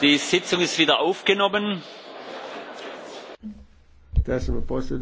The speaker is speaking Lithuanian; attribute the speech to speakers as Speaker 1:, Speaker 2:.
Speaker 1: Die Sitzung ist wieder aufgenommen.
Speaker 2: Tęsime posėdį.